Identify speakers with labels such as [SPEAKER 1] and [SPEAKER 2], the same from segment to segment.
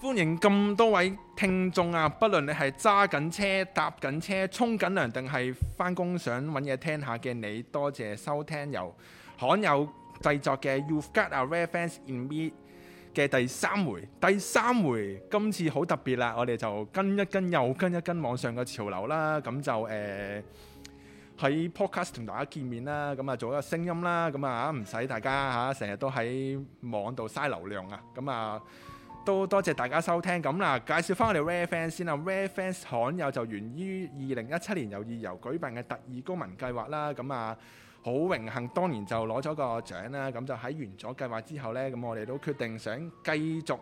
[SPEAKER 1] 歡迎咁多位聽眾啊！不論你係揸緊車、搭緊車、沖緊涼，定係翻工想揾嘢聽下嘅，你多謝收聽由罕有製作嘅《You've Got a Rare Friends in Me》嘅第三回。第三回今次好特別啦，我哋就跟一跟又跟一跟網上嘅潮流啦，咁就誒喺 Podcast 同大家見面啦。咁啊，做一個聲音啦，咁啊嚇唔使大家嚇成日都喺網度嘥流量啊，咁啊～都多謝大家收聽咁啦，介紹翻我哋 Rare Friends 先啦。Rare Friends 罕有就源於二零一七年由義遊舉辦嘅特異公民計劃啦。咁啊，好榮幸，當年就攞咗個獎啦。咁就喺完咗計劃之後呢，咁我哋都決定想繼續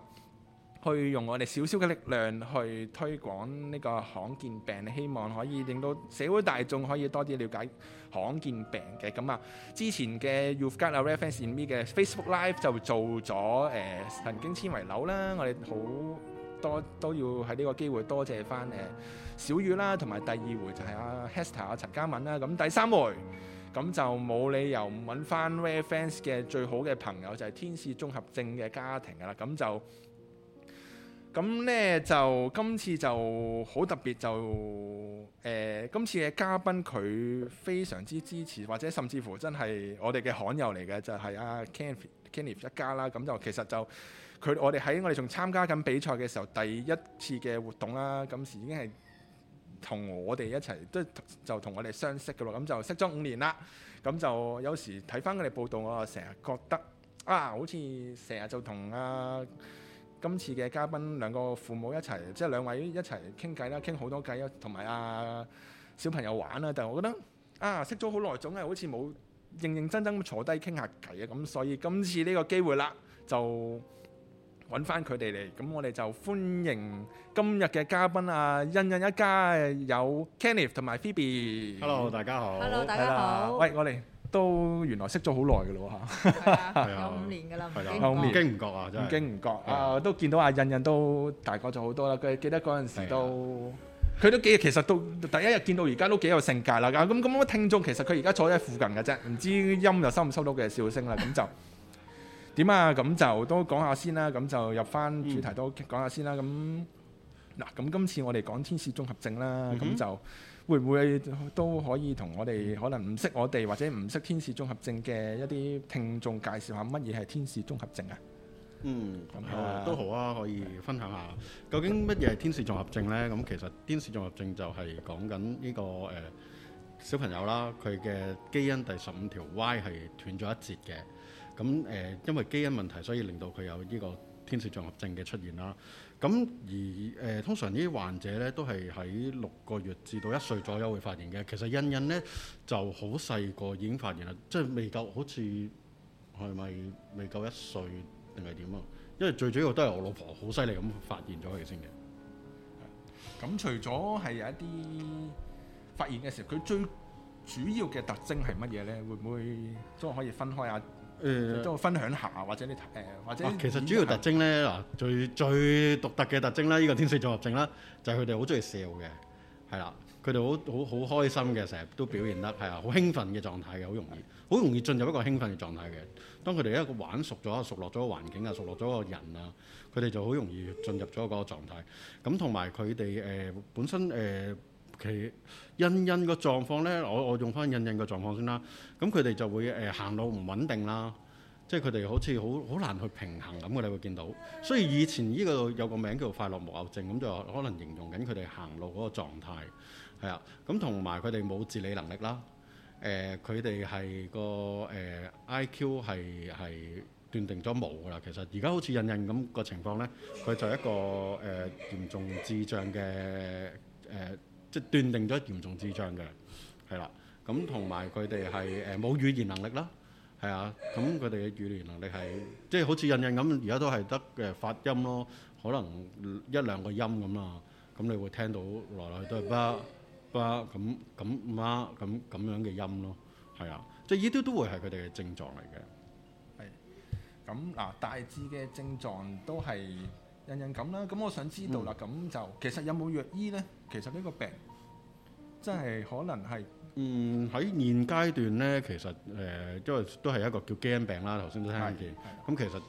[SPEAKER 1] 去用我哋少少嘅力量去推廣呢個罕見病，希望可以令到社會大眾可以多啲瞭解。罕見病嘅，咁啊，之前嘅 You've Got A Rare Friends In Me 嘅 Facebook Live 就做咗誒、呃、神經纖維瘤啦，我哋好多都要喺呢個機會多謝翻誒、呃、小雨啦，同埋第二回就係啊 Hester 啊陳嘉敏啦，咁第三回咁就冇理由唔揾翻 Rare Friends 嘅最好嘅朋友就係、是、天使綜合症嘅家庭噶啦，咁就。咁呢、嗯，就今次就好特別，就誒、呃、今次嘅嘉賓佢非常之支持，或者甚至乎真係我哋嘅罕友嚟嘅，就係阿 Kenneth Kenneth 一家啦。咁、嗯、就其實就佢我哋喺我哋仲參加緊比賽嘅時候，第一次嘅活動啦、啊，咁時已經係同我哋一齊，即係就同我哋相識嘅咯。咁、嗯、就識咗五年啦。咁、嗯、就有時睇翻佢哋報道，我啊成日覺得啊，好似成日就同啊。今次嘅嘉賓兩個父母一齊，即係兩位一齊傾偈啦，傾好多偈啊，同埋啊小朋友玩啦。但係我覺得啊識咗好耐，總係好似冇認認真真咁坐低傾下偈啊。咁所以今次呢個機會啦，就揾翻佢哋嚟。咁我哋就歡迎今日嘅嘉賓啊，印印一家有 Kenneth 同埋 Phoebe。Hello，大家好。Hello，大家好。Hello，喂，我哋。都原來識咗好耐嘅咯喎嚇，五
[SPEAKER 2] 年嘅啦，唔經唔
[SPEAKER 1] 覺啊，真係唔經唔覺啊，都見到阿印印都大個咗好多啦。佢記得嗰陣時都，佢都幾其實到第一日見到而家都幾有性格啦。咁咁乜聽眾其實佢而家坐喺附近嘅啫，唔知音又收唔收到嘅笑聲啦。咁就點啊？咁就都講下先啦。咁就入翻主題都講下先啦。咁嗱，咁今次我哋講天使綜合症啦。咁就。會唔會都可以同我哋可能唔識我哋或者唔識天使綜合症嘅一啲聽眾介紹下乜嘢係天使綜合症啊？
[SPEAKER 3] 嗯，咁樣、啊、都好啊，可以分享下、嗯、究竟乜嘢係天使綜合症呢？咁、嗯、其實天使綜合症就係講緊、這、呢個誒、呃、小朋友啦，佢嘅基因第十五條 Y 係斷咗一截嘅。咁、嗯、誒、呃，因為基因問題，所以令到佢有呢個天使綜合症嘅出現啦。咁而誒、呃、通常呢啲患者咧都係喺六個月至到一歲左右會發現嘅。其實印印咧就好細個已經發現啦，即係未夠好似係咪未夠一歲定係點啊？因為最主要都係我老婆好犀利咁發現咗佢先嘅。咁除咗係有一啲
[SPEAKER 1] 發現嘅時候，佢最主要嘅特徵係乜嘢咧？會唔會都可以分開啊？誒，都、嗯、分享下或者你誒、呃，或者、啊、其實主要特徵
[SPEAKER 3] 咧嗱，最最獨特嘅特徵咧，呢、這個天使綜合症啦，就係佢哋好中意笑嘅，係啦，佢哋好好好開心嘅，成日都表現得係啊，好興奮嘅狀態嘅，好容易，好容易進入一個興奮嘅狀態嘅。當佢哋一個玩熟咗、熟落咗個環境啊、熟落咗個人啊，佢哋就好容易進入咗個狀態。咁同埋佢哋誒本身誒。呃其印印個狀況咧，我我用翻印印個狀況先啦。咁佢哋就會誒、呃、行路唔穩定啦，即係佢哋好似好好難去平衡咁嘅。你會見到，所以以前呢個有個名叫快樂木偶症，咁就可能形容緊佢哋行路嗰個狀態係啊。咁同埋佢哋冇自理能力啦。誒、呃，佢哋係個誒、呃、I.Q 係係斷定咗冇㗎啦。其實而家好似印印咁個情況咧，佢就係一個誒、呃、嚴重智障嘅誒。呃斷定咗嚴重智障嘅，係啦，咁同埋佢哋係誒冇語言能力啦，係啊，咁佢哋嘅語言能力係即係好似印印咁，而家都係得誒發音咯，可能一兩個音咁啊，咁你會聽到來來去去都係巴巴咁咁媽咁咁樣嘅音咯，係啊，即係呢啲都會係佢哋嘅症狀嚟嘅。係、嗯，咁嗱大致嘅症狀都
[SPEAKER 1] 係印印咁啦，咁我想知道啦，咁、嗯、就其實有冇藥醫咧？其實呢個病。即係可能係，
[SPEAKER 3] 嗯喺現階段咧，其實誒都係都係一個叫基因病啦。頭先都聽見，咁其實誒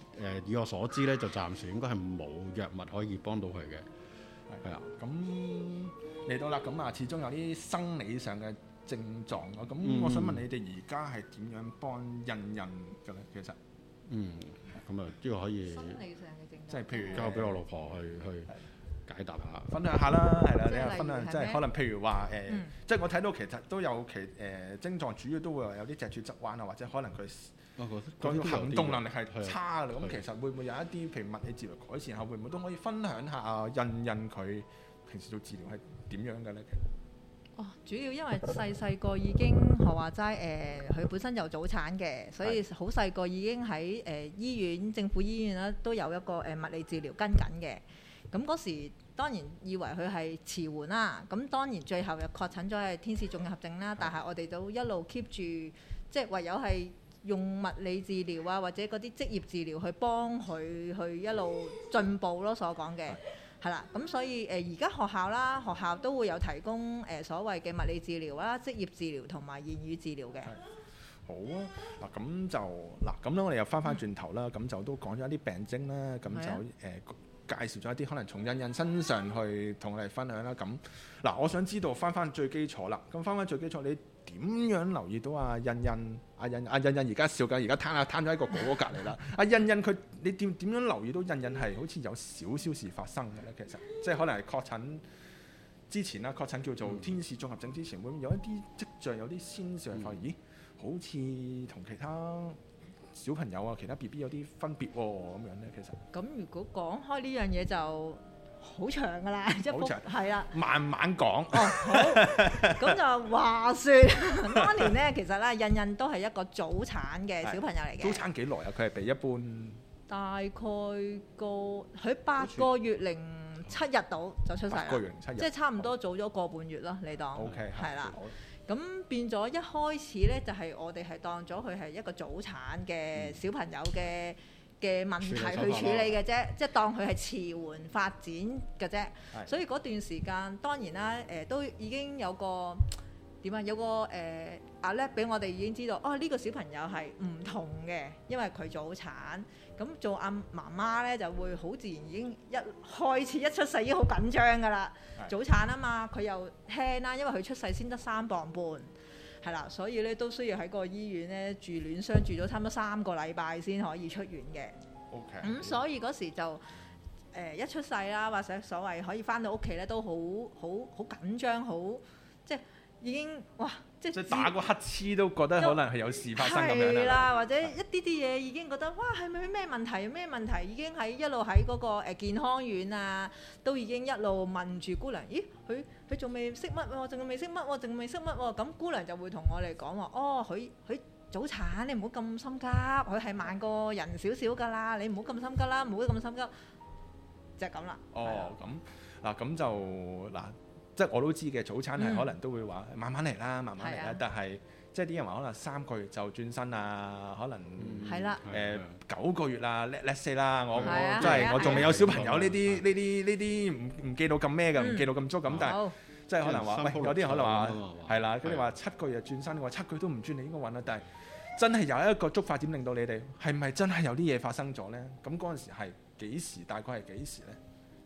[SPEAKER 3] 以我所知咧，就暫時應該係冇藥物可以幫到佢嘅。係啊，咁
[SPEAKER 1] 嚟到啦，咁啊，始終有啲生理上嘅症狀啊。咁我想問你哋而家係點樣幫印印嘅咧？其實，
[SPEAKER 3] 嗯，咁啊，即係可以，生理上嘅症，即係譬如交俾我老婆去去。解答下,、嗯、下，分享下啦，係啦，你又分享，如即係可能
[SPEAKER 1] 譬如話誒，呃嗯、即係我睇到其實都有其誒、呃、症狀，主要都會有啲脊柱側彎啊，或者可能佢
[SPEAKER 3] 嗰、哦呃、行動能力係差嘅。咁其
[SPEAKER 1] 實會唔會有一啲譬如物理治療改善？後會唔會都可以分享下啊？印印佢平時做治療係點樣嘅咧？
[SPEAKER 2] 哦，主要因為細細個已經學話齋誒，佢、呃呃、本身有早產嘅，所以好細個已經喺誒醫院、呃、政府醫院啦，都有一個誒物理治療跟緊嘅。咁嗰時當然以為佢係遲緩啦，咁當然最後又確診咗係天使綜合症啦，的但係我哋都一路 keep 住，即係唯有係用物理治療啊，或者嗰啲職業治療去幫佢去一路進步咯，所，所講嘅係啦。咁所以誒，而家學校啦，學校都會有提供誒所謂嘅物理治療啦、職業治療同埋言語治療嘅。好啊，
[SPEAKER 1] 嗱咁就嗱咁咧，我哋又翻返轉頭啦，咁就都講咗一啲病徵啦，咁就誒。介紹咗一啲可能從印印身上去同我哋分享啦，咁嗱，我想知道翻翻最基礎啦，咁翻翻最基礎，你點樣留意到啊？印印，阿、啊、印，印，阿、啊、印印而家笑緊，而家攤下攤咗喺個哥哥隔離啦。阿、 啊、印印佢，你點點樣留意到印印係好似有少少事發生嘅咧？其實即係可能係確診之前啦，確診叫做天使綜合症之前，嗯、會有一啲跡象，嗯、有啲先兆，話咦，好似同其他。小朋友啊，其他 B B 有啲分別喎，咁樣咧其實。
[SPEAKER 2] 咁如果講開呢樣嘢就好長㗎啦，即係好長，係啦，
[SPEAKER 1] 慢慢講。哦，好，
[SPEAKER 2] 咁就話説，當年咧其實咧，印印都係一個早產嘅小朋友嚟嘅。早產
[SPEAKER 1] 幾耐啊？佢係比一般
[SPEAKER 2] 大概個佢八個月零七日到就出世啦。八個月零七日，即係差唔多早咗個半月啦，你當。O K，係啦。咁變咗一開始咧，就係、是、我哋係當咗佢係一個早產嘅小朋友嘅嘅、嗯、問題去處理嘅啫，即係當佢係遲緩發展嘅啫。的所以嗰段時間當然啦，誒、呃、都已經有個點啊，有個誒 alert 俾我哋已經知道，哦、啊、呢、這個小朋友係唔同嘅，因為佢早產。咁做阿、啊、媽媽咧就會好自然，已經一開始一出世已經好緊張㗎啦。的早產啊嘛，佢又輕啦，因為佢出世先得三磅半，係啦，所以咧都需要喺個醫院咧住暖箱住咗差唔多三個禮拜先可以出院嘅。
[SPEAKER 3] OK、嗯。咁所
[SPEAKER 2] 以嗰時就誒、呃、一出世啦，或者所謂可以返到屋企咧，都好好好緊張，好即係。已經哇，即係打個
[SPEAKER 1] 乞嗤都覺得可能係有事發生咁樣啦。係啦，
[SPEAKER 2] 或者一啲啲嘢已經覺得哇，係咪有咩問題？咩問題？已經喺一路喺嗰個誒健康院啊，都已經一路問住姑娘。咦，佢佢仲未識乜喎？仲未識乜喎？仲未識乜喎？咁姑娘就會同我哋講話：哦，佢佢早產，你唔好咁心急。佢係慢過人少少㗎啦，你唔好咁心急啦，唔好咁心急。就係咁啦。哦，
[SPEAKER 1] 咁嗱，咁就嗱。即係我都知嘅，早餐係可能都會話慢慢嚟啦，慢慢嚟啦。但係即係啲人話可能三個月就轉身啦，可能誒九個月啦叻叻些啦。我我即係我仲未有小朋友呢啲呢啲呢啲唔唔記到咁咩㗎，唔記到咁足咁。但係即係可能話，喂有啲人可能話係啦，佢哋話七個月轉身嘅話，七個月都唔轉，你應該揾啦。但係真係有一個觸發點令到你哋係咪真係有啲嘢發生咗咧？咁嗰陣時係幾時？大概係幾時咧？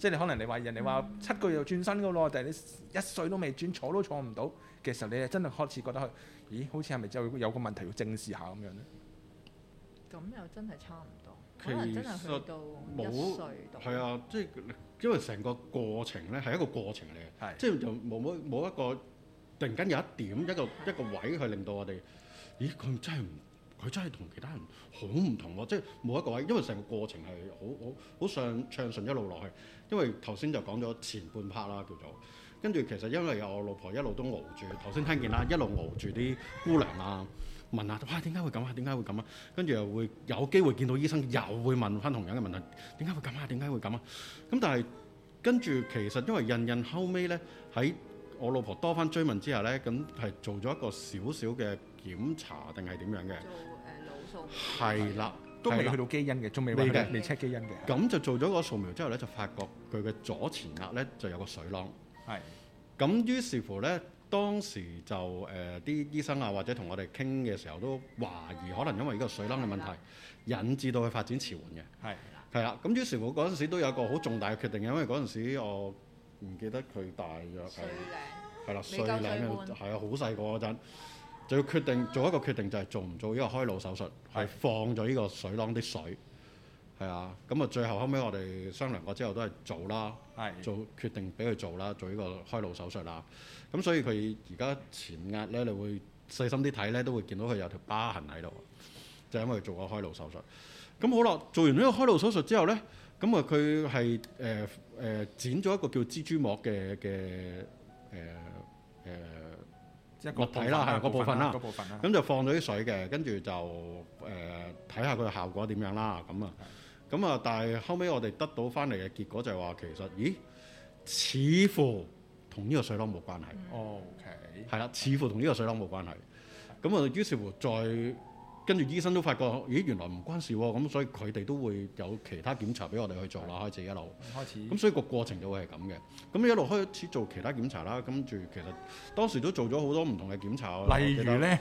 [SPEAKER 1] 即係你可能你話人哋話七個月就轉身噶咯，但係你一歲都未轉，坐都坐唔到嘅時候，其實你係真係開始覺得佢咦，好似係咪真係有有個問題要正視下咁樣
[SPEAKER 3] 咧？
[SPEAKER 2] 咁又真係差唔多，其實可能真係去到一
[SPEAKER 3] 歲度係啊，即係因為成個過程咧係一個過程嚟嘅，的即係就冇冇冇一個突然間有一點一個一個位去令到我哋咦，佢真係唔～佢真係同其他人好唔同喎，即係冇一個位，因為成個過程係好好好暢暢順一路落去。因為頭先就講咗前半 part 啦，叫做跟住其實因為我老婆一路都熬住，頭先聽見啦，一路熬住啲姑娘啊問下，哇點解會咁啊？點解會咁啊？跟住又會有機會見到醫生，又會問翻同樣嘅問題，點解會咁啊？點解會咁啊？咁、啊、但係跟住其實因為印印後尾咧喺我老婆多番追問之後咧，咁係做咗一個少少嘅檢查定係點樣嘅？係啦，都未去到基因嘅，仲未未嘅，未 check 基因嘅。咁就做咗個掃描之後咧，就發覺佢嘅左前額咧就有個水囊。係，咁於是乎咧，當時就誒啲醫生啊，或者同我哋傾嘅時候都懷疑，可能因為呢個水囊嘅問題，引致到佢發展遲緩嘅。係，係啦。咁於是乎嗰陣時都有個好重大嘅決定嘅，因為嗰陣時我唔記得佢大約係啦，係啦，係啊，好細個嗰陣。就要決定做一個決定，就係做唔做呢個開腦手術，係放咗呢個水囊啲水，係啊的，咁啊最後後尾我哋商量過之後都係做，的做，做啦，做決定俾佢做啦，做呢個開腦手術啦。咁所以佢而家前額咧，你會細心啲睇咧，都會見到佢有條疤痕喺度，就係佢因為做過開腦手術。咁好啦，做完呢個開腦手術之後咧，咁啊佢係誒誒剪咗一個叫蜘蛛膜嘅嘅誒誒，物體啦，係個，對個部分啦，咁就放咗啲水嘅，跟住就誒睇下佢嘅效果點樣啦，咁啊，咁啊的，但係後尾我哋得到翻嚟嘅結果就係話，其實咦，似乎同呢個水缸冇關係。OK、嗯。係啦，似乎同呢個水缸冇關係。咁我哋於是乎再。跟住醫生都發覺，咦，原來唔關事喎。咁、嗯、所以佢哋都會有其他檢查俾我哋去做啦。開始的一路直。開始咁，所以個過程就會係咁嘅。咁一路開始做其他檢查啦。跟住其實當時都做咗好多唔同嘅檢查啊。例如咧，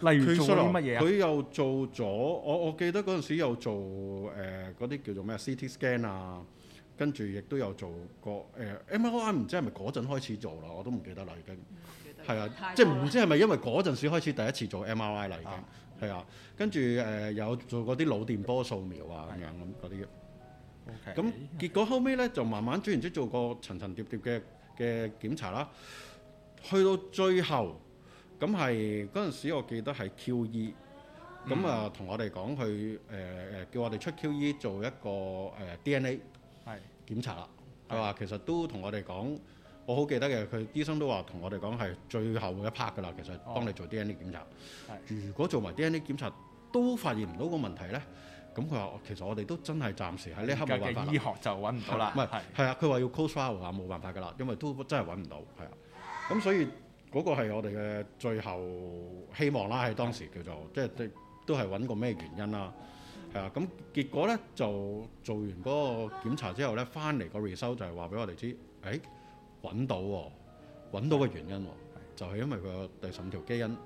[SPEAKER 1] 例如做啲乜嘢？佢
[SPEAKER 3] 又做咗我，我記得嗰陣時有做誒嗰啲叫做咩 CT scan 啊。跟住亦都有做過誒、呃、MRI，唔知係咪嗰陣開始做啦？我都唔記得啦，已經係啊，的即係唔知係咪因為嗰陣時開始第一次做 MRI 啦，已經。係啊，跟住誒有做嗰啲腦電波掃描啊，咁樣咁嗰啲。那 o
[SPEAKER 2] Okay，咁
[SPEAKER 3] 結果後尾咧就慢慢轉完塵塵塵塵，然之後做個層層疊疊嘅嘅檢查啦，去到最後咁係嗰陣時，我記得係 Q E、嗯。
[SPEAKER 2] 咁啊，
[SPEAKER 3] 同我哋講去誒誒，叫我哋出 Q E 做一個誒、呃、D N A 檢查啦。係話的其實都同我哋講。我好記得嘅，佢醫生都話同我哋講係最後一 part 㗎啦。其實幫你做 DNA 檢查，哦、如果做埋 DNA 檢查都發現唔到個問題呢。咁佢話其實我哋都真係暫時喺呢刻冇辦法。醫學就揾唔到啦。唔係啊，佢話是要 close follow 啊，冇辦法㗎啦，因為都真係揾唔到。係啊，咁所以嗰個係我哋嘅最後希望啦，喺當時叫做、嗯、即係都都係揾個咩原因啦。係啊，咁、嗯、結果呢就做完嗰個檢查之後呢，翻嚟個 result 就係話俾我哋知，誒、欸。揾到喎、哦，揾到個原因喎、哦，的就係因為佢個第十五條基因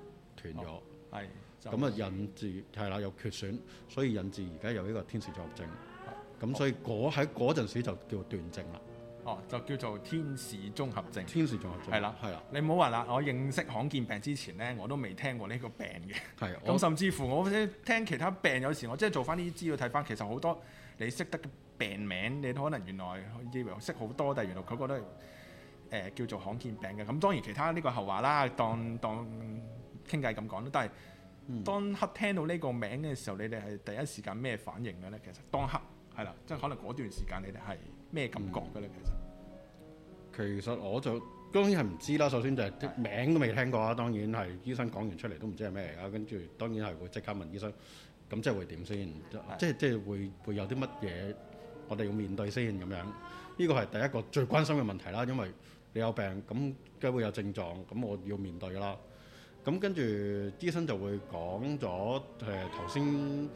[SPEAKER 3] 斷咗，係咁啊，就就引致係啦，有缺損，所以引致而家有呢個天使綜合症。咁、哦、所以嗰喺嗰陣時就叫做斷症啦。
[SPEAKER 1] 哦，就叫做天使綜合症。天使綜合症係啦，係啦。你唔好話啦，我認識罕見病之前咧，我都未聽過呢個病嘅。係咁的， 甚至乎我聽其他病有時我即係做翻啲資料睇翻，其實好多你識得嘅病名，你可能原來以為識好多，但係原來佢覺得。誒叫做罕見病嘅，咁當然其他呢個後話啦，當當傾偈咁講啦。但係當刻聽到呢個名嘅時候，你哋係第一時間咩反應嘅咧？其實當刻係啦，即係可能嗰段時間你
[SPEAKER 3] 哋係咩感覺嘅咧？其實其實我就當然係唔知啦。首先就係名都未聽過啊，當然係醫生講完出嚟都唔知係咩嚟㗎。跟住當然係會即刻問醫生，咁即係會點先？即係即係會會有啲乜嘢我哋要面對先咁樣？呢個係第一個最關心嘅問題啦，因為你有病，咁梗會有症狀，咁我要面對啦。咁跟住醫生就會講咗誒頭先誒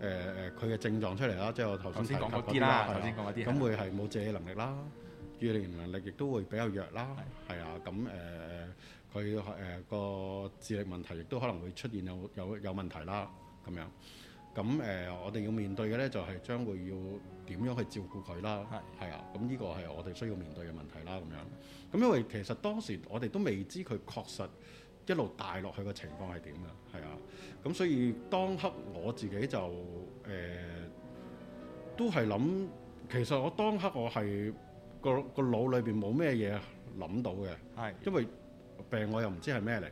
[SPEAKER 3] 誒佢嘅症狀出嚟啦，即係我頭先講咗啲啦，頭先講啲咁會係冇自理能力啦，自理能力亦都會比較弱啦，係是的 啊，咁誒佢誒個智力問題亦都可能會出現有有有問題啦，咁樣。咁誒、呃，我哋要面對嘅咧，就係、係、將會要點樣去照顧佢啦。係係啊，咁呢個係我哋需要面對嘅問題啦。咁樣咁，因為其實當時我哋都未知佢確實一路大落去嘅情況係點㗎。係啊，咁所以當刻我自己就誒、呃、都係諗。其實我當刻我係個個腦裏邊冇咩嘢諗到嘅。係是的 因為病我又唔知係咩嚟。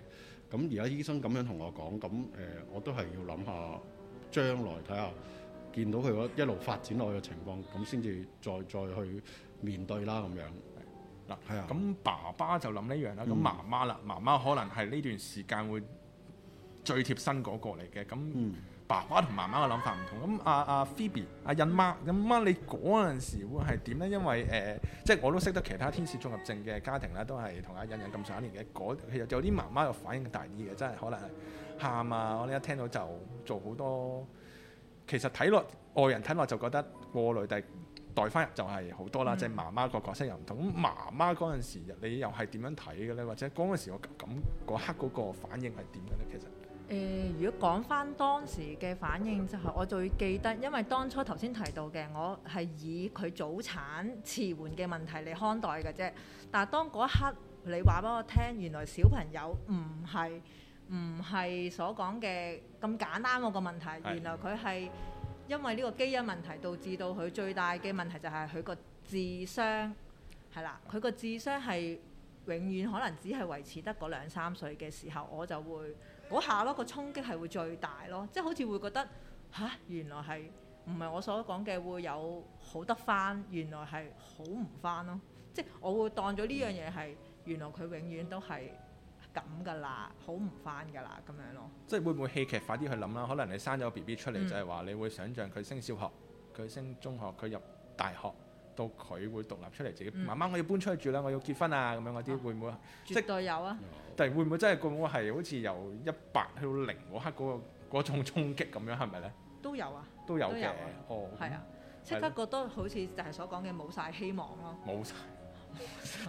[SPEAKER 3] 咁而家醫生咁樣同我講，咁誒、呃、我都係要諗下。將來睇下，見到佢一路發展落去嘅情況，咁先至再再去面對啦咁樣。嗱、嗯、係、嗯、啊。咁爸爸就諗呢樣啦，咁媽
[SPEAKER 1] 媽啦，媽媽可能係呢段時間會最貼身嗰個嚟嘅。咁爸爸同媽媽嘅諗法唔同。咁阿、啊、阿、啊、Phoebe 阿、啊、印媽，咁媽你嗰陣時會係點咧？因為誒、呃，即係我都識得其他天使綜合症嘅家庭咧，都係同阿印印咁上一年嘅。嗰其實有啲媽媽嘅反應大啲嘅，真係可能係。喊啊！我哋一聽到就做好多。其實睇落外人睇落就覺得過嚟，但代待翻入就係好多啦。嗯、即係媽媽個角色又唔同。咁媽媽嗰陣時，你又係點樣睇嘅呢？或者嗰陣時我咁嗰刻嗰個反應係點嘅呢？其實
[SPEAKER 2] 誒、呃，如果講翻當時嘅反應，就我最記得，因為當初頭先提到嘅，我係以佢早產遲緩嘅問題嚟看待嘅啫。但係當嗰一刻你話俾我聽，原來小朋友唔係。唔係所講嘅咁簡單個問題，的原來佢係因為呢個基因問題導致到佢，最大嘅問題就係佢個智商係啦，佢個智商係永遠可能只係維持得嗰兩三歲嘅時候，我就會嗰下咯，個衝擊係會最大咯，即係好似會覺得吓、啊，原來係唔係我所講嘅會有好得翻，原來係好唔翻咯，即係我會當咗呢樣嘢係原來佢永遠都係。咁噶啦，好唔翻噶啦，咁樣咯。
[SPEAKER 1] 即係會唔會戲劇快啲去諗啦？可能你生咗個 B B 出嚟，就係話你會想象佢升小學，佢升中學，佢入大學，到佢會獨立出嚟自己。媽媽，我要搬出去住啦，我要結婚啊，咁樣嗰啲會唔
[SPEAKER 2] 會？絕對有啊！
[SPEAKER 1] 但係會唔會真係會唔會係好似由一百去到零嗰刻嗰個嗰種衝擊咁樣係咪咧？
[SPEAKER 2] 都有啊，
[SPEAKER 1] 都有嘅。
[SPEAKER 2] 哦，係啊，即刻覺得好似就係所講嘅冇晒希望咯。
[SPEAKER 1] 冇晒。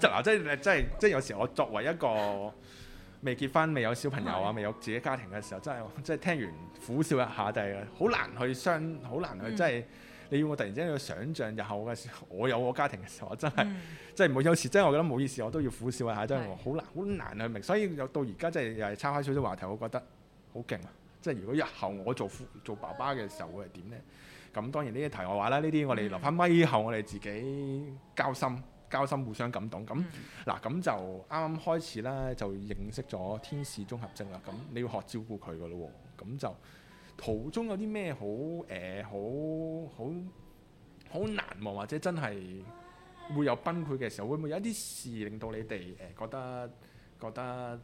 [SPEAKER 1] 嗱，即係即係即係有時我作為一個。未結婚、未有小朋友啊、未有自己家庭嘅時候，真係即係聽完苦笑一下，但係好難去想，好難去即係、嗯、你要我突然之間去想像日後嘅時候，我有我家庭嘅時候，我真係即係冇有時，真係我覺得冇意思，我都要苦笑一下，真係好難好難去明。所以到而家真係又係差開少少話題，我覺得好勁啊！即係如果日後我做父做爸爸嘅時候會係點呢？咁當然呢啲題外話啦，呢啲我哋留翻咪以後，我哋自己交心。嗯交心，互相感動咁。嗱，咁就啱啱開始啦，就認識咗天使綜合症啦。咁你要學照顧佢㗎咯喎。咁就途中有啲咩好、誒、呃、好好好難忘或者真係會有崩潰嘅時候，會唔會有一啲事令到你哋誒覺得覺得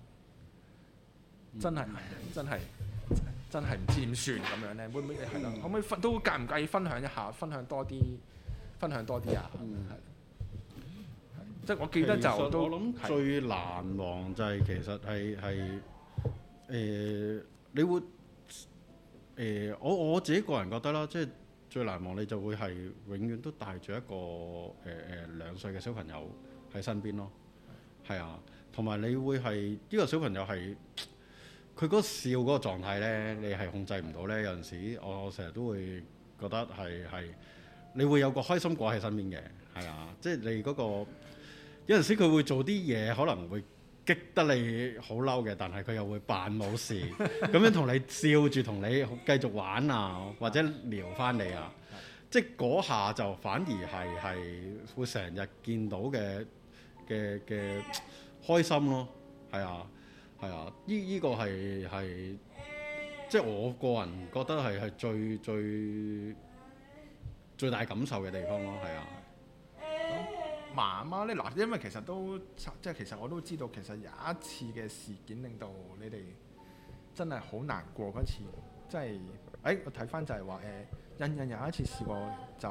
[SPEAKER 1] 真係真係真係唔知點算咁樣咧？會唔會係咯、嗯？可唔可以分都介唔介意分享一下？分享多啲，分享多啲啊！
[SPEAKER 3] 嗯，即係我記得就都最難忘就係其實係係誒你會誒我我自己個人覺得啦，即係最難忘你就會係永遠都帶住一個誒誒兩歲嘅小朋友喺身邊咯，係啊，同埋你會係呢個小朋友係佢嗰個笑嗰個狀態咧，你係控制唔到咧。有陣時我成日都會覺得係係你會有個開心果喺身邊嘅，係啊，即係你嗰個。有陣時佢會做啲嘢可能會激得你好嬲嘅，但係佢又會扮冇事，咁 樣同你笑住同你繼續玩啊，或者撩翻你啊， 即係嗰下就反而係係會成日見到嘅嘅嘅開心咯，係啊係啊，呢呢個係係即係我個人覺得係係最最最大感受嘅地方咯，係啊。媽媽呢，嗱，因為其實都即係其實我都知道，其實有一
[SPEAKER 1] 次嘅事件令到你哋真係好難過嗰次，即係誒我睇返就係話誒，印、呃、印有一次試過就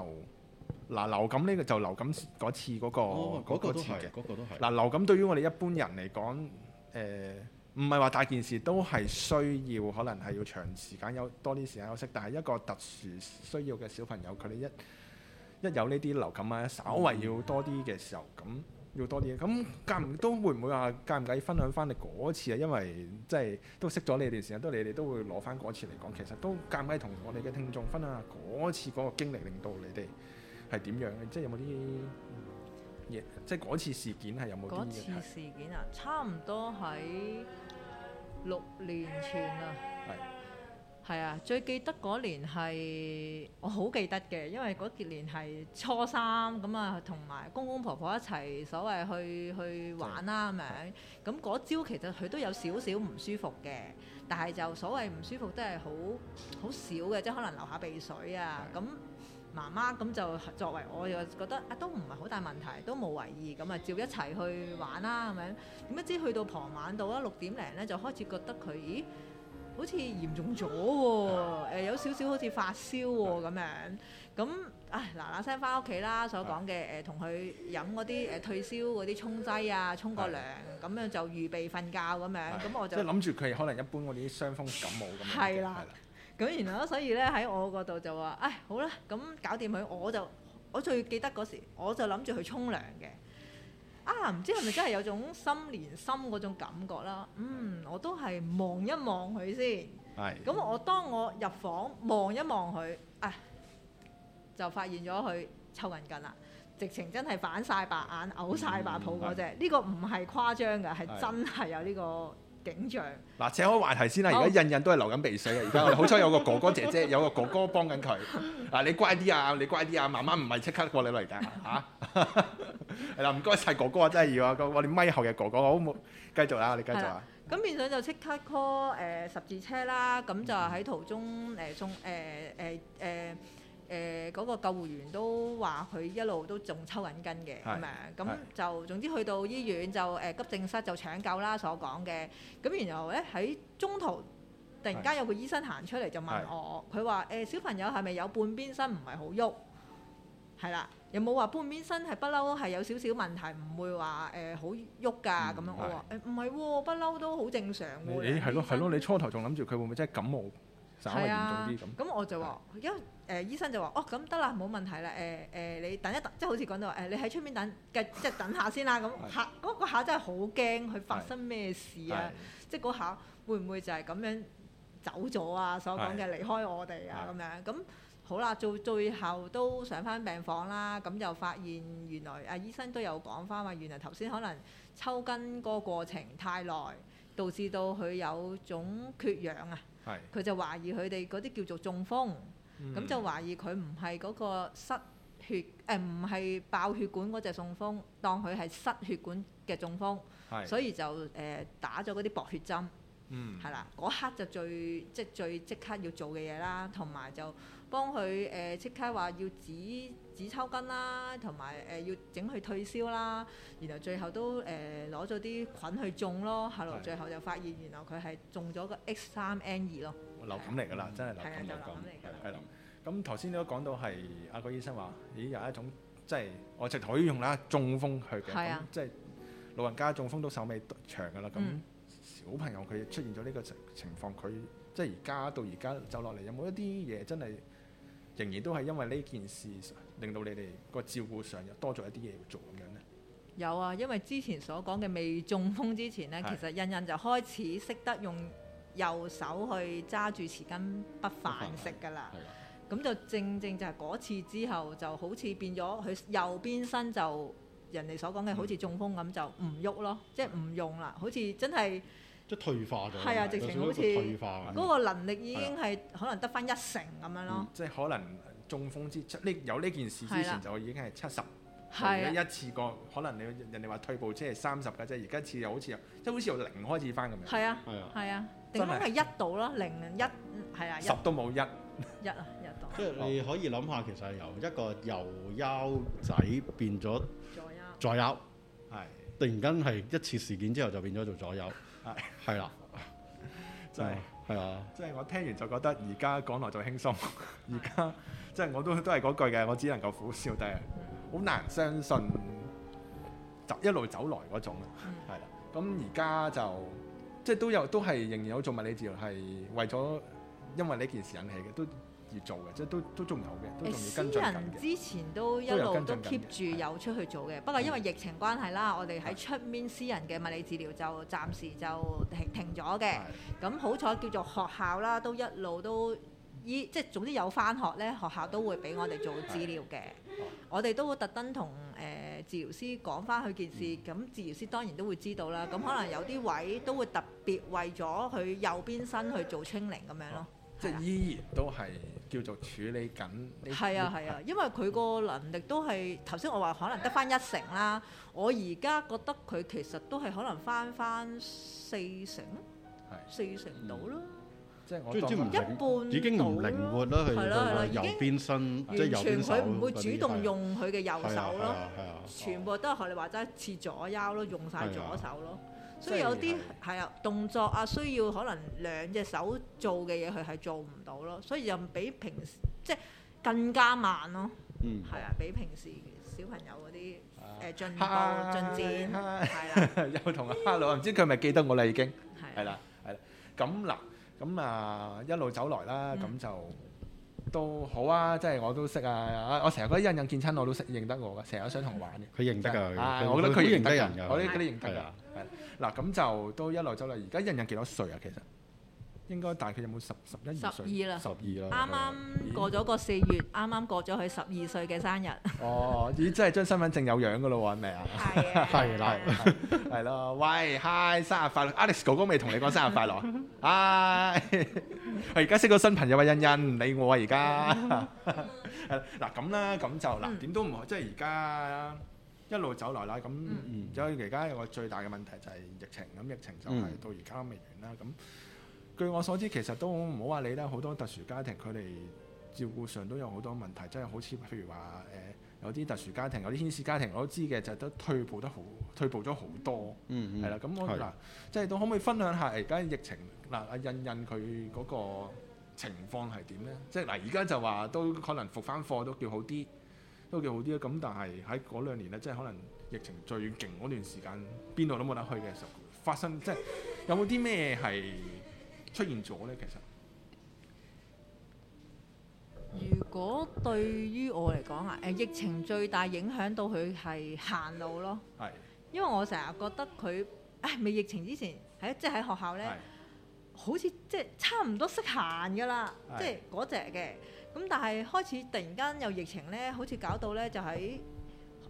[SPEAKER 1] 嗱、呃、流感呢、呢個就流感嗰次嗰、嗰個嗰、哦、個都係嗰個都係嗱流感對於我哋一般人嚟講誒，唔係話大件事，都係需要可能係要長時間有多啲時間休息，但係一個特殊需要嘅小朋友，佢哋一一有呢啲流感啊，稍為要多啲嘅時候，咁要多啲嘅。咁介唔都會唔會話介唔介意分享翻你嗰次啊？因為即係都識咗你段時間，都你哋都，都會攞翻嗰次嚟講，其實都介唔介意同我哋嘅聽眾分享下嗰次嗰個經歷，令到你哋係點樣？即係有冇啲嘢？嗯、yeah, 即係嗰次事件係有冇？嗰次
[SPEAKER 2] 事件啊，的差唔多喺六年前啦、啊。係啊，最記得嗰年係我好記得嘅，因為嗰年係初三咁啊，同埋公公婆婆婆一齊所謂去去玩啦咁樣。咁嗰朝其實佢都有少少唔舒服嘅，但係就所謂唔舒服都係好好少嘅，即係可能流下鼻水啊。咁對媽媽咁就作為我又覺得啊，都唔係好大問題，都冇為意，咁啊照一齊去玩啦咁樣。點不知去到傍晚到啊六點零咧，就開始覺得佢咦？好似嚴重咗喎、哦呃，有少少好似發燒喎、哦、咁樣，咁啊嗱嗱聲返屋企啦，所講嘅誒同佢飲嗰啲誒退燒嗰啲沖劑啊，沖個涼，咁、嗯、樣就預備瞓覺咁樣，咁唉我就即係諗住
[SPEAKER 1] 佢可能一般嗰啲傷風感冒咁樣,唉樣，係
[SPEAKER 2] 啦，咁啦然後所以咧喺我嗰度就話，唉好啦，咁搞掂佢，我就我最記得嗰時，我就諗住去沖涼嘅。啊，唔知係咪真係有種心連心嗰種感覺啦？嗯，我都係望一望佢先。咁的我當我入房望一望佢，啊、哎，就發現咗佢抽緊筋啦，直情真係反晒白眼、嘔晒白泡嗰隻。呢、嗯、個唔係誇張㗎，係真係有呢、這個。景象
[SPEAKER 1] 嗱，扯開話題先啦。而家印印都係流緊鼻水啊！而家我哋好彩有個哥哥姐姐，有個哥哥幫緊佢。嗱，你乖啲啊，你乖啲啊，媽媽唔係即刻過你嚟㗎嚇。係啦，唔該晒哥哥啊，真係要啊。我，我哋咪後嘅哥哥，好冇繼續啊，你繼續啊。
[SPEAKER 2] 咁變相就即刻 call 誒十字車啦，咁就喺途中誒送誒誒誒。誒嗰、嗯那個救護員都話佢一路都仲抽緊筋嘅，咁樣咁就總之去到醫院就誒、呃、急症室就搶救啦，所講嘅咁然後咧喺中途突
[SPEAKER 3] 然間有個醫
[SPEAKER 2] 生行出嚟就問我，佢話誒小朋友係咪有半邊身唔係好喐？係啦，有冇話半邊身係不嬲係有少少問題，唔會話誒、呃、好喐㗎咁樣？的嗯、我話誒唔係喎，不嬲都好正常嘅。呃、你係咯係咯，你
[SPEAKER 1] 初頭仲諗住佢會唔會真係感冒，稍微嚴重啲咁。
[SPEAKER 2] 咁的、啊、我就話因誒、呃、醫生就話：哦，咁得啦，冇問題啦。誒、呃、誒、呃，你等一等，即係好似講到話誒、呃，你喺出面等，即係等下先啦。咁、嗯、 下嗰、那個、下真係好驚，佢發生咩事啊？ 是即係嗰下會唔會就係咁樣走咗啊？所講嘅是離開我哋啊咁是樣。咁、嗯、好啦，到最後都上翻病房啦。咁、嗯、就發現原來阿、啊、醫生都有講翻話，原來頭先可能抽筋嗰個過程太耐，導致到佢有種缺氧啊。佢是是就懷疑佢哋嗰啲叫做中風。咁就懷疑佢唔係嗰個失血，誒唔係爆血管嗰隻中風，當佢係失血管嘅中風，所以就誒、呃、打咗嗰啲薄血針，嗯，係啦，嗰刻就最即最即刻要做嘅嘢啦，同埋就幫佢誒即刻話要止止抽筋啦，同埋誒要整佢退燒啦，然後最後都誒攞咗啲菌去種咯，係咯，最後就發現原來佢係種咗個 X 三 N 二咯。
[SPEAKER 3] 流感嚟㗎啦，嗯、真係流感、
[SPEAKER 2] 嗯、流感
[SPEAKER 1] 係啦。咁頭先都講到係阿郭醫生話，咦有一種即係我直頭可以用啦，中風去。嘅咁、啊，即係老人家中風都手尾長㗎啦。咁、嗯、小朋友佢出現咗呢個情情況，佢即係而家到而家走落嚟，有冇一啲嘢真係仍然都係因為呢件事令到你哋個照顧上又多咗一啲嘢要做咁樣呢？
[SPEAKER 2] 有啊，因為之前所講嘅未中風之前咧其實，其實印印就開始識得用。右手去揸住匙羹，不飯食㗎啦。咁就正正就係嗰次之後，就好似變咗佢右邊身就人哋所講嘅、嗯，好似中風咁就唔喐咯，即係唔用啦。好似真係
[SPEAKER 3] 即係退化咗，係啊，直情好似退化咗嗰個
[SPEAKER 2] 能力已經係可能得翻一成咁樣咯。嗯、
[SPEAKER 1] 即係可能中風之呢有呢件事之前就已經係七十，而一次過可能你人哋話退步即係三十㗎。即係，而家次又好似即係好似由零
[SPEAKER 3] 開始翻咁樣。係啊，係啊，係
[SPEAKER 2] 啊。突然間係一度啦，零一係啊，十都冇一，一啊一度。即係你可
[SPEAKER 3] 以諗下，其實係由一個右優仔變咗左
[SPEAKER 2] 右，
[SPEAKER 3] 左右係突然間係一次事件之後就變咗做左右，係係啦，係係啊。即係我聽完就覺得
[SPEAKER 1] 而家講來就輕鬆，而家即係我都都係嗰句嘅，我只能夠苦笑，但係好難相信就一路走來嗰種係啦。咁而家就。即係都有，都係仍然有做物理治療，係為咗因為呢件事引起嘅，都要做嘅，即係都都仲有嘅，都仲要跟進嘅。私人之
[SPEAKER 2] 前都一路都 keep 住有出去做嘅，的不過因為疫情關係啦，我哋喺出面私人嘅物理治療就暫時就停停咗嘅。咁的好彩叫做學校啦，都一路都依即係總之有返學咧，學校都會俾我哋做資料嘅。的我哋都會特登同。治療師講翻佢件事，咁、嗯、治療師當然都會知道啦。咁、嗯、可能有啲位都會特別為咗佢右邊身去做清零咁樣咯。
[SPEAKER 1] 哦啊、即係依然都係叫做處理緊呢，係啊係啊，啊啊
[SPEAKER 2] 因為佢個能力都係頭先我話可能得翻一成啦。我而家覺得佢其實都係可能翻翻四成，啊、四成到啦。嗯即係我一半已經唔靈
[SPEAKER 3] 活啦，佢已經變身，即係右手完全佢唔會主動用佢嘅右手咯，全
[SPEAKER 2] 部都係學你話齋切左腰咯，用晒左手咯，所以有啲係啊動作啊需要可能兩隻手做嘅嘢，佢係做唔到咯，所以又比平即係更加慢咯，係啊，比平時小朋友嗰啲誒進步進展，係啦，
[SPEAKER 1] 又同哈羅，唔知佢係咪記得我啦已經係啦，係啦，咁嗱。咁啊，一路走來啦，咁就都好啊，即係我都識啊！我成日覺得印印見親我都識認得我嘅，成日都想同我玩嘅。
[SPEAKER 3] 佢認得啊！我覺得佢都認得人㗎。我啲都認得㗎。
[SPEAKER 1] 係啦的。嗱，咁的就都一路走嚟。而家印印幾多歲啊？其實？應該大概有冇十十一二歲，十二啦，啱
[SPEAKER 2] 啱過咗個四月，啱啱過咗佢十二歲嘅生日。
[SPEAKER 1] 哦，咦，真係張身份證有樣噶咯喎，係咪 啊？係係啦，係咯、啊 啊啊啊。喂，Hi 生日快樂，Alex 哥哥未同你講生日快樂啊？嗨，我而家識個新朋友啊，欣欣唔理我啊，而家。嗱咁啦，咁就嗱點都唔可，即係而家一路走來啦。咁至於而家，嗯、有個最大嘅問題就係疫情，咁疫，疫情就係到而家都未完啦。咁據我所知，其實都唔好話你啦。好多特殊家庭佢哋照顧上都有好多問題，即係好似譬如話誒、呃、有啲特殊家庭、有啲牽涉家庭我都知嘅，就都退步得好退步咗好多。嗯嗯，
[SPEAKER 3] 係是的 啦。咁我嗱，
[SPEAKER 1] 即係都可唔可以分享下而家疫情嗱？阿印印，佢嗰個情況係點咧？即係嗱，而家就話都可能復翻課都叫好啲，都叫好啲啦。咁但係喺嗰兩年咧，即係可能疫情最勁嗰段時間，邊度都冇得去嘅時候，發生即係有冇啲咩係？出現咗咧，其實
[SPEAKER 2] 如果對於我嚟講啊，誒、呃、疫情最大影響到佢係行路咯。係的，因為我成日覺得佢誒、哎、未疫情之前喺即係喺學校咧，的好似即係差唔多識行噶啦，即係嗰隻嘅。咁的、嗯、但係開始突然間有疫情咧，好似搞到咧就喺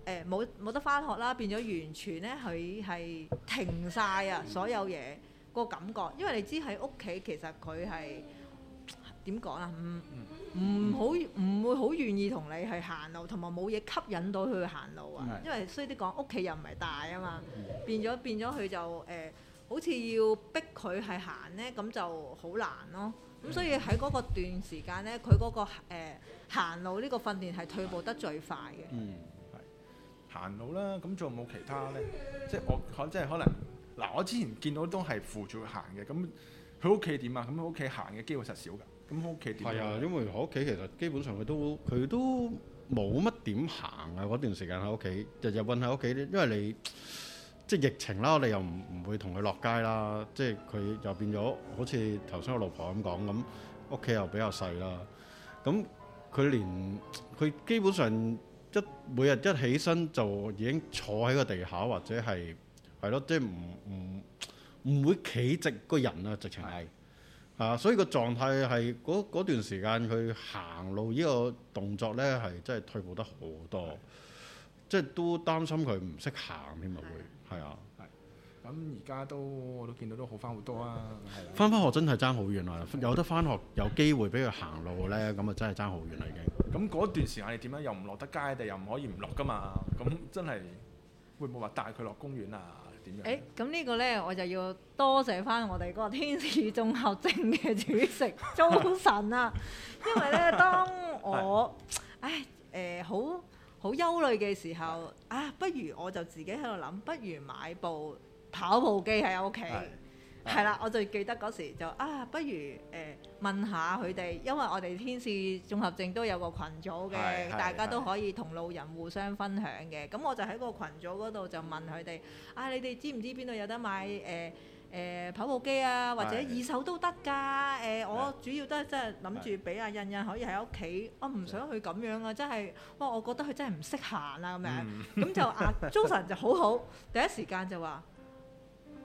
[SPEAKER 2] 誒冇冇得翻學啦，變咗完全咧佢係停晒啊，所有嘢。個感覺，因為你知喺屋企其實佢係點講啊？唔唔、嗯嗯嗯、好唔會好願意同你去行路，同埋冇嘢吸引到佢去行路啊。是的 因為所以啲講屋企又唔係大啊嘛，是的 變咗變咗佢就誒、呃，好似要逼佢係行咧，咁就好難咯。咁是的 所以喺嗰個段時間咧，佢嗰、嗰個行、呃、路呢個訓練係退步得最快嘅。嗯，係
[SPEAKER 1] 行路啦，咁仲有冇其他咧？ 即係我可即係可能。嗱，我之前見到都係扶住佢行嘅，咁佢屋企點啊？咁佢屋企行嘅機會實少㗎。咁佢屋企點啊？係啊，
[SPEAKER 3] 因為喺屋企其實基本上佢都佢都冇乜點行啊。嗰段時間喺屋企，日日韞喺屋企咧，因為你即係疫情啦，我哋又唔唔會同佢落街啦。即係佢又變咗，好似頭先我老婆咁講咁，屋企又比較細啦。咁佢連佢基本上一每日一起身就已經坐喺個地下或者係。係咯，即係唔唔唔會企直個人啊，直情係的啊，所以個狀態係嗰段時間佢行路呢個動作咧係真係退步得好多，的即係都擔心佢唔識行添咪會係啊。係的，咁而家都我都
[SPEAKER 1] 見到都好翻好多啊，
[SPEAKER 3] 係。翻返學真係爭好遠啊！有得翻學有機會俾佢行路咧，咁啊真係爭好遠
[SPEAKER 1] 啦已經。咁嗰段時間你點樣？又唔落得街地，又唔可以唔落㗎嘛？咁真係會唔會話帶佢落公園啊？誒，
[SPEAKER 2] 咁呢、欸、個呢，我就要多謝翻我哋個天使綜合症嘅主席早晨啊，
[SPEAKER 3] 因為呢，當
[SPEAKER 2] 我， 唉，好、呃、好憂慮嘅時候，啊，不如我就自己喺度諗，不如買部跑步機喺屋企。 係啦，我就記得嗰時就啊，不如誒、呃、問下佢哋，因為我哋天使綜合症都有個群組嘅，大家都可以同路人互相分享嘅。咁我就喺個群組嗰度就問佢哋啊，你哋知唔知邊度有得買誒誒、呃呃、跑步機啊？或者二手都得㗎。誒、呃，的我主要都係真係諗住俾阿印印可以喺屋企，我、啊、唔想去咁樣啊，真係哇、啊，我覺得佢真係唔識行啊咁樣。咁就啊，早晨、嗯、就好、啊、 好，第一時間就話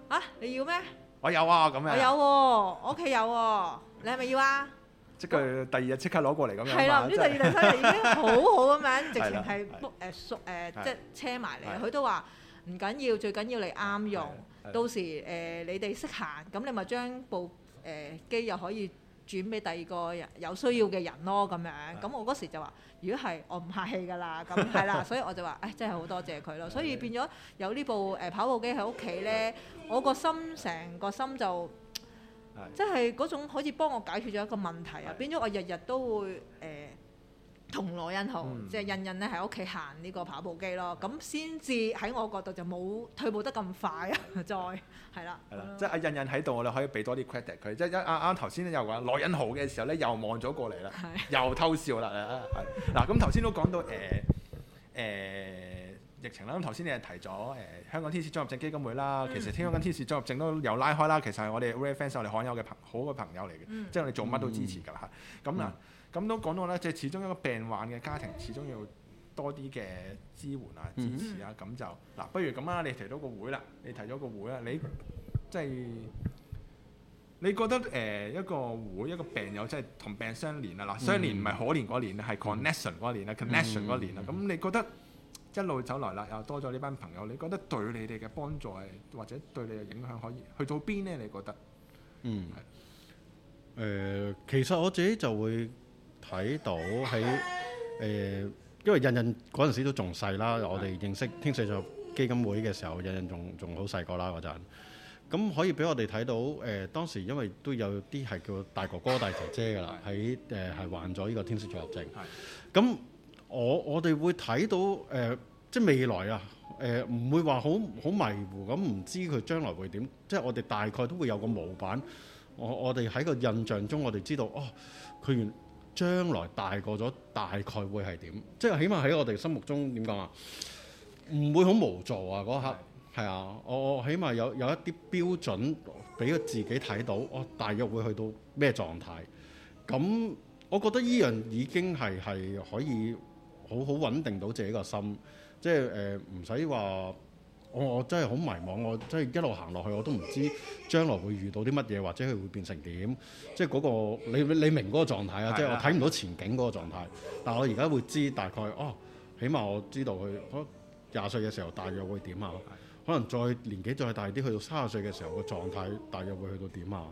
[SPEAKER 2] 啊，你要咩？
[SPEAKER 1] 我、啊、有啊，咁樣、啊。我有
[SPEAKER 2] 喎、啊，我屋企有喎、啊，你係咪要啊？
[SPEAKER 1] 即係第二日即刻攞過嚟咁樣。係啦，唔知第二、第三日已經
[SPEAKER 2] 好好咁樣， 直情係 b o o 即係車埋嚟。佢都話唔緊要，最緊要你啱用。 到時誒、呃、你哋識行，咁你咪將部誒、呃、機又可以，轉俾第二個人，有需要嘅人咯，咁樣咁的我嗰時就話：如果係我唔客氣㗎啦，咁係啦，所以我就話，誒、哎、真係好多謝佢咯。所以變咗有呢部誒、呃、跑步機喺屋企咧， 我個心成個心就，即係嗰種好似幫我解決咗一個問題啊！的變咗我日日都會誒。呃同羅恩豪，嗯、即係印印咧，喺屋企行呢個跑步機咯，咁先至喺我角度就冇退步得咁快啊！ 再係啦，即係
[SPEAKER 1] 阿印印喺度，我哋可以俾多啲 credit 佢。即係一啱啱頭先又話羅恩豪嘅時候咧，又望咗過嚟啦，又偷笑啦。嗱，咁頭先都講到誒誒、呃呃、疫情啦。咁頭先你係提咗誒、呃、香港天使綜合症基金會啦，嗯、其實天空跟天使綜合症都有拉開啦。嗯、其實係我哋 Rare Friends 我哋罕有嘅朋好嘅朋友嚟嘅，即係我哋做乜都支持㗎啦嚇。咁嗱、嗯。嗯嗯咁都講到咧，即係始終一個病患嘅家庭，始終要多啲嘅支援啊、支持啊。咁就嗱，不如咁啊，你提到個會啦，你提到個會啊，你即係你覺得誒一個會一個病友，即係同病相連啊。嗱，相連唔係可憐嗰年咧，係 connection 嗰年咧，connection 嗰年啦。咁你覺得一路走來啦，又多咗呢班朋友，你覺得對你哋嘅幫助，或者對你嘅影響，可以去到邊咧？你覺得？嗯。
[SPEAKER 3] 誒，其實我自己就會。睇到喺誒、呃，因為印印嗰陣時都仲細啦，嗯、我哋認識、嗯、天使座基金會嘅時候，印印仲仲好細個啦，嗰陣咁可以俾我哋睇到誒、呃，當時因為都有啲係叫大哥哥大姐姐㗎啦，喺誒係患咗呢個天使綜合症。咁、嗯、我我哋會睇到誒、呃，即係未來啊，誒、呃、唔會話好好迷糊咁，唔知佢將來會點，即係我哋大概都會有個模板。我我哋喺個印象中，我哋知道哦，佢、哦哦哦哦哦哦、原將來大個咗大概會係點？即係起碼喺我哋心目中點講啊？唔會好無助啊！嗰、那個、刻係啊，我的我起碼有有一啲標準俾佢自己睇到，我大約會去到咩狀態？咁我覺得依樣已經係係可以好好穩定到自己個心，即係誒唔使話。呃我我真係好迷茫，我真係一路行落去，我都唔知將來會遇到啲乜嘢，或者佢會變成點。即係嗰、嗰個你你明嗰個狀態啊，的即係我睇唔到前景嗰個狀態。但係我而家會知大概哦，起碼我知道佢，我廿歲嘅時候大約會點啊。可能再年紀再大啲，去到三十歲嘅時候個狀態大約會去到點啊。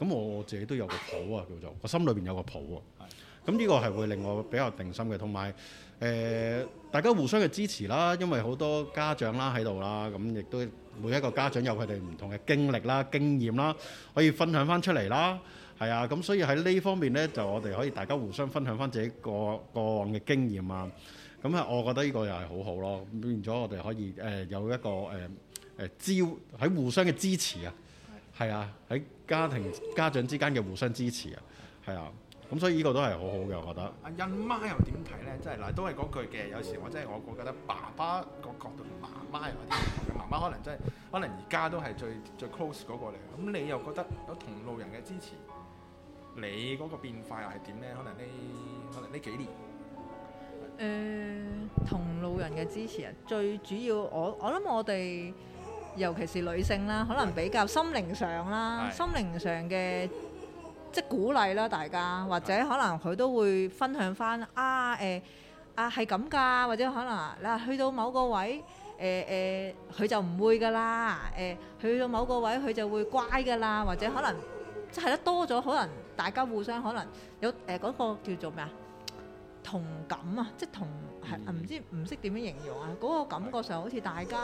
[SPEAKER 3] 咁我，我自己都有個譜啊叫做，我心裏邊有個譜啊。咁呢的、嗯，這個係會令我比較定心嘅，同埋。誒、呃，大家互相嘅支持啦，因為好多家長啦喺度啦，咁亦都每一個家長有佢哋唔同嘅經歷啦、經驗啦，可以分享翻出嚟啦，係啊，咁所以喺呢方面呢，就我哋可以大家互相分享翻自己過過往嘅經驗啊，咁啊，我覺得呢個又係好好咯，變咗我哋可以誒、呃、有一個誒誒支喺互相嘅支持啊，係啊，喺家庭家長之間嘅互相支持啊，係啊。咁、嗯、所以呢個都係好好嘅，我覺得。阿、
[SPEAKER 1] 啊、印媽又點睇咧？即係嗱，都係嗰句嘅。有時我真係我覺得爸爸個角度同媽媽又係唔同嘅。媽媽可能真係可能而家都係最最 close 嗰、那個嚟。咁你又覺得有同路人嘅支持，你嗰個變化又係點咧？可能呢可能呢幾年。
[SPEAKER 2] 誒、呃，同路人嘅支持啊，最主要我我諗我哋，尤其是女性啦，可能比較心靈上啦，的心靈上嘅。即鼓勵啦，大家 Okay. 或者可能佢都會分享返啊誒啊係咁㗎，或者可能嗱去到某個位誒誒，佢就唔會㗎啦誒，去到某個位佢、啊就，啊、就會乖㗎啦，或者可能即係咧多咗，可能大家互相可能有誒嗰、呃嗰個叫做咩啊同感啊，即係同係唔、mm hmm. 知唔識點樣形容啊嗰、嗰個感覺上好似大家。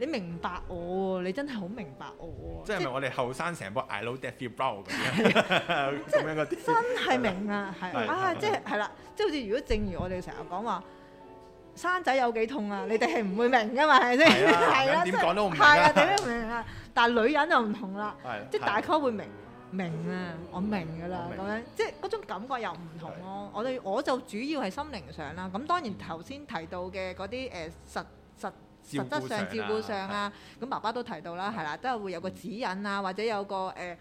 [SPEAKER 2] 你明白我喎，你真係好明白我喎。即係咪
[SPEAKER 1] 我哋後生成部 I know that you know 咁樣咁樣真
[SPEAKER 2] 係明啊，係啊，即係係啦，即係好似如果正如我哋成日講話，生仔有幾痛啊？你哋係唔會明噶嘛，係咪先？係啦，點講都唔明啊！點都唔明啊？但係女人就唔同啦，即係大概會明明啊，我明噶啦咁樣，即係嗰種感覺又唔同咯。我哋我就主要係心靈上啦。咁當然頭先提到嘅嗰啲誒實實質上照顧上啊，咁、啊、爸爸都提到啦，係啦，都係會有個指引啊，或者有個誒誒、欸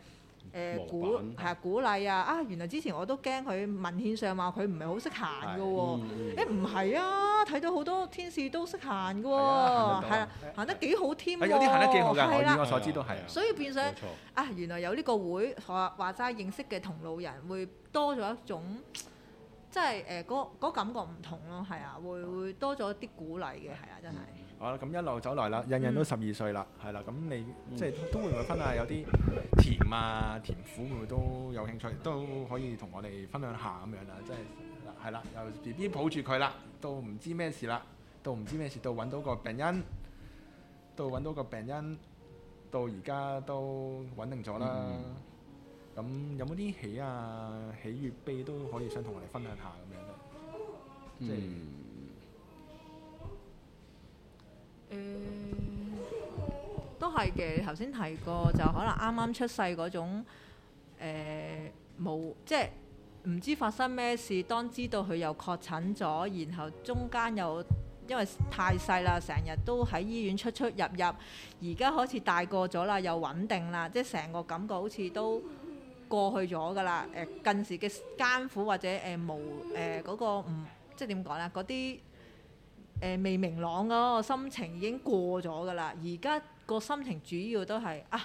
[SPEAKER 2] 呃、鼓係無品 啊鼓勵啊。啊，原來之前我都驚佢文獻上話佢唔係好識行㗎喎，唔係啊，睇、嗯欸啊、到好多天使都識行㗎喎，係啦、啊，行得幾好添喎。係啦、啊，所以變相錯啊，原來有呢個會，話話齋認識嘅同路人會多咗一種，即係誒嗰感覺唔同咯，係、就是、啊，會會多咗啲鼓勵嘅，係啊，真係。
[SPEAKER 1] 好啦，咁一路走來啦，印印都十二歲啦，係啦、嗯，咁你、嗯、即係都會唔會分下、啊、有啲甜啊、甜苦會唔會都有興趣，都可以同我哋分享下咁樣啦，即係係啦，由 B B 抱住佢啦，到唔知咩事啦，到唔知咩事，到揾到個病因，到揾到個病因，到而家都穩定咗啦。咁、嗯、有冇啲喜啊、喜與悲都可以想同我哋分享下咁樣咧，即係。嗯
[SPEAKER 2] 誒、嗯，都係嘅。頭先提過，就可能啱啱出世嗰種冇，呃，即係唔知發生咩事。當知道佢又確診咗，然後中間又因為太細啦，成日都喺醫院出出入入。而家開始大個咗啦，又穩定啦，即係成個感覺好似都過去咗㗎啦。誒、呃、近時嘅艱苦或者誒冇誒嗰個唔，呃，即係點講呢？嗰啲誒未明朗嗰個心情已經過咗㗎啦，而家個心情主要都係啊，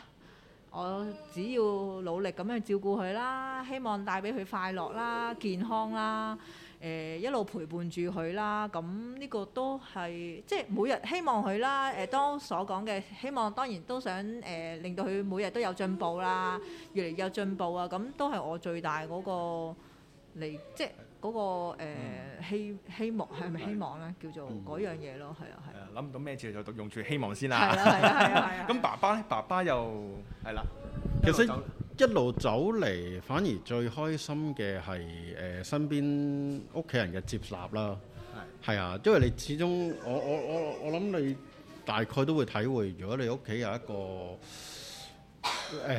[SPEAKER 2] 我只要努力咁樣照顧佢啦，希望帶俾佢快樂啦、健康啦，誒一路陪伴住佢啦，咁呢個都係即係每日希望佢啦，誒當所講嘅希望當然都想誒令到佢每日都有進步啦，越嚟越有進步啊，咁都係我最大嗰個嚟即係。嗰、那個希、呃、希望係咪、嗯、希望咧？叫做嗰、嗯、樣嘢咯，係啊，係。
[SPEAKER 1] 諗唔到咩字就用住希望先啦。係啊，係啊。係啦、啊。咁、啊啊、 爸爸呢，爸爸又係啦。
[SPEAKER 3] 啊、直其實一路走嚟，反而最開心嘅係誒身邊屋企人嘅接納啦。係係啊，啊，因為你始終我我我我諗你大概都會體會，如果你屋企有一個。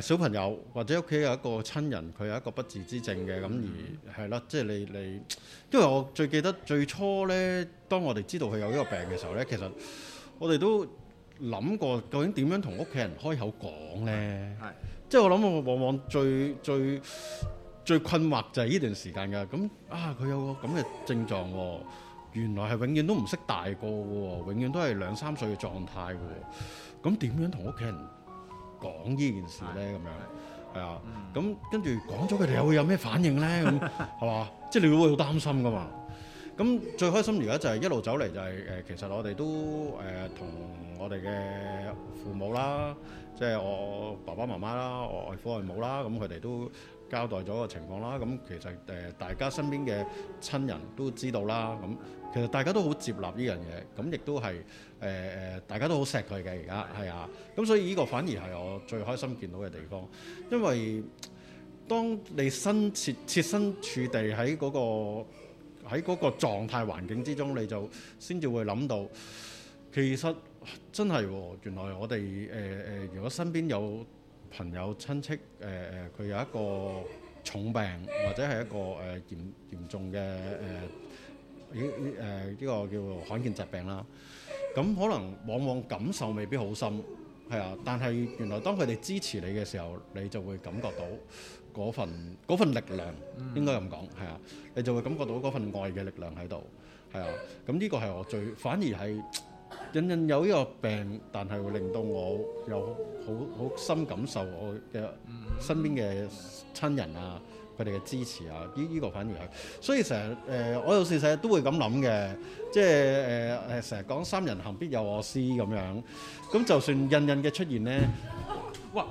[SPEAKER 3] 誒小朋友或者屋企有一個親人，佢有一個不治之症嘅，咁而係啦，即係你你，因為我最記得最初咧，當我哋知道佢有呢個病嘅時候咧，其實我哋都諗過究竟點樣同屋企人開口講咧？係，即係我諗我往往最最最困惑就係呢段時間嘅。咁啊，佢有個咁嘅症狀喎，原來係永遠都唔識大個喎，永遠都係兩三歲嘅狀態嘅喎，咁點樣同屋企人？講呢件事咧咁樣，係啊，咁跟住講咗佢哋又會有咩反應咧？係 嘛，即係你會好擔心噶嘛。咁最開心而家就係一路走嚟就係、是、誒、呃，其實我哋都誒同、呃、我哋嘅父母啦，即、就、係、是、我爸爸媽媽啦，我外父外母啦，咁佢哋都。交代咗個情況啦，咁、嗯、其實誒、呃、大家身邊嘅親人都知道啦，咁、嗯、其實大家都好接納呢樣嘢，咁、嗯、亦都係誒誒大家都好錫佢嘅，而家係啊，咁、嗯、所以呢個反而係我最開心見到嘅地方，因為當你身切切身處地喺嗰、那個喺嗰個狀態環境之中，你就先至會諗到，其實真係、哦、原來我哋誒誒如果身邊有。朋友、親戚，誒、呃、誒，佢有一個重病，或者係一個誒嚴、呃、嚴重嘅誒，呢呢呢個叫罕見疾病啦。咁、嗯、可能往往感受未必好深，係啊。但係原來當佢哋支持你嘅時候，你就會感覺到嗰份嗰份力量，應該咁講係啊。你就會感覺到嗰份愛嘅力量喺度，係啊。咁、嗯、呢、這個係我最反而係。印印有呢個病，但係會令到我有好好深感受我嘅身邊嘅親人啊，佢哋嘅支持啊，呢、這、依個反而係，所以成日誒，我有時成日都會咁諗嘅，即係誒誒，成日講三人行必有我師咁樣，咁就算印印嘅出現咧，哇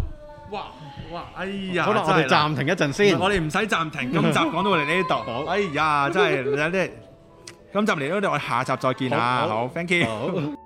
[SPEAKER 3] 哇哇！哎呀，好啦，我哋暫停一陣先，我哋唔使
[SPEAKER 1] 暫停，今集講到我哋呢度， 好哎呀，真係你睇，今集嚟到我哋下集再見啦，好，好，thank you 好。